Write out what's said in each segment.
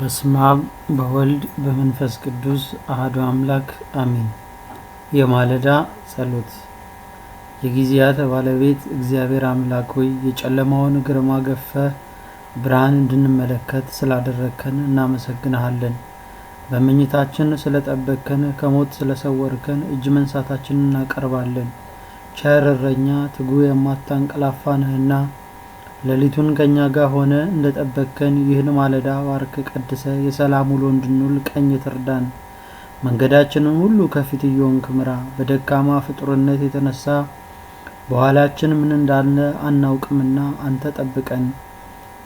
በስመ አብ በወልድ በመንፈስ ቅዱስ አህዶ አምላክ አሚን! የማለዳ ጸሎት። የጊዜያት ባለቤት እግዚአብሔር አምላክ ሆይ የጨለማውን ግርማ ገፈህ ብርሃን እንድንመለከት ስላደረግከን እናመሰግንሃለን። በመኝታችን ስለጠበቅከን፣ ከሞት ስለሰወርከን እጅ መንሳታችንን እናቀርባለን። ቸር እረኛ፣ ትጉህ የማታንቀላፋ ነህና ሌሊቱን ከእኛ ጋር እንደ ጠበከን ይህን ማለዳ ባርከህ ቀድሰ የሰላም ውሎ እንድንውል ቀኝ ትርዳን። መንገዳችንን ሁሉ ከፊት እየሆንክ ምራ። በደካማ ፍጡርነት የተነሳ በኋላችን ምን እንዳለ አናውቅምና አንተ ጠብቀን።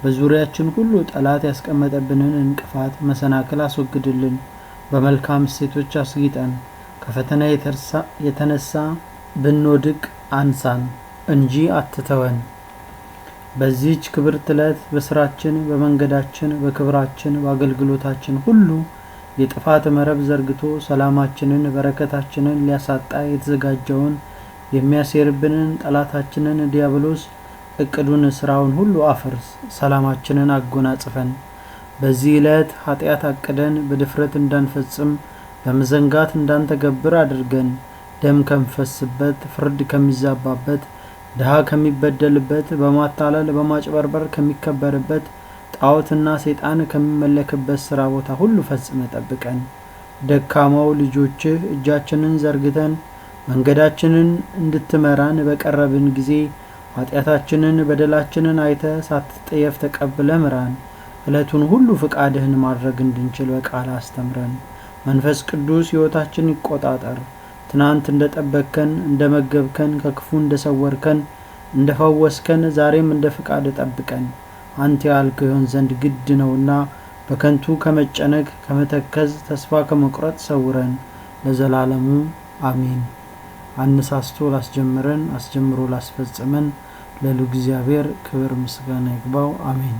በዙሪያችን ሁሉ ጠላት ያስቀመጠብንን እንቅፋት፣ መሰናክል አስወግድልን። በመልካም እሴቶች አስጊጠን። ከፈተና የተነሳ ብንወድቅ አንሳን እንጂ አትተወን። በዚህች ክብርት ዕለት በስራችን፣ በመንገዳችን፣ በክብራችን፣ በአገልግሎታችን ሁሉ የጥፋት መረብ ዘርግቶ ሰላማችንን፣ በረከታችንን ሊያሳጣ የተዘጋጀውን የሚያሴርብንን ጠላታችንን ዲያብሎስ እቅዱን፣ ስራውን ሁሉ አፍርስ፣ ሰላማችንን አጎናጽፈን። በዚህ ዕለት ኃጢአት አቅደን በድፍረት እንዳንፈጽም በመዘንጋት እንዳንተገብር አድርገን ደም ከሚፈስበት ፍርድ ከሚዛባበት ድሃ ከሚበደልበት፣ በማታለል በማጭበርበር ከሚከበርበት፣ ጣዖትና ሰይጣን ከሚመለክበት ሥራ ቦታ ሁሉ ፈጽመ ጠብቀን። ደካማው ልጆችህ እጃችንን ዘርግተን መንገዳችንን እንድትመራን በቀረብን ጊዜ ኃጢአታችንን በደላችንን አይተ ሳትጠየፍ ተቀብለ ምራን። ዕለቱን ሁሉ ፍቃድህን ማድረግ እንድንችል በቃል አስተምረን። መንፈስ ቅዱስ ሕይወታችን ይቆጣጠር። ትናንት እንደጠበከን፣ እንደመገብከን ከክፉ እንደሰወርከን እንደፈወስከን ዛሬም እንደ ፍቃድ ጠብቀን አንተ ያልክ ይሆን ዘንድ ግድ ነውና በከንቱ ከመጨነቅ ከመተከዝ ተስፋ ከመቁረጥ ሰውረን ለዘላለሙ አሚን አነሳስቶ ላስጀምረን አስጀምሮ ላስፈጽመን ለሉ እግዚአብሔር ክብር ምስጋና ይግባው አሜን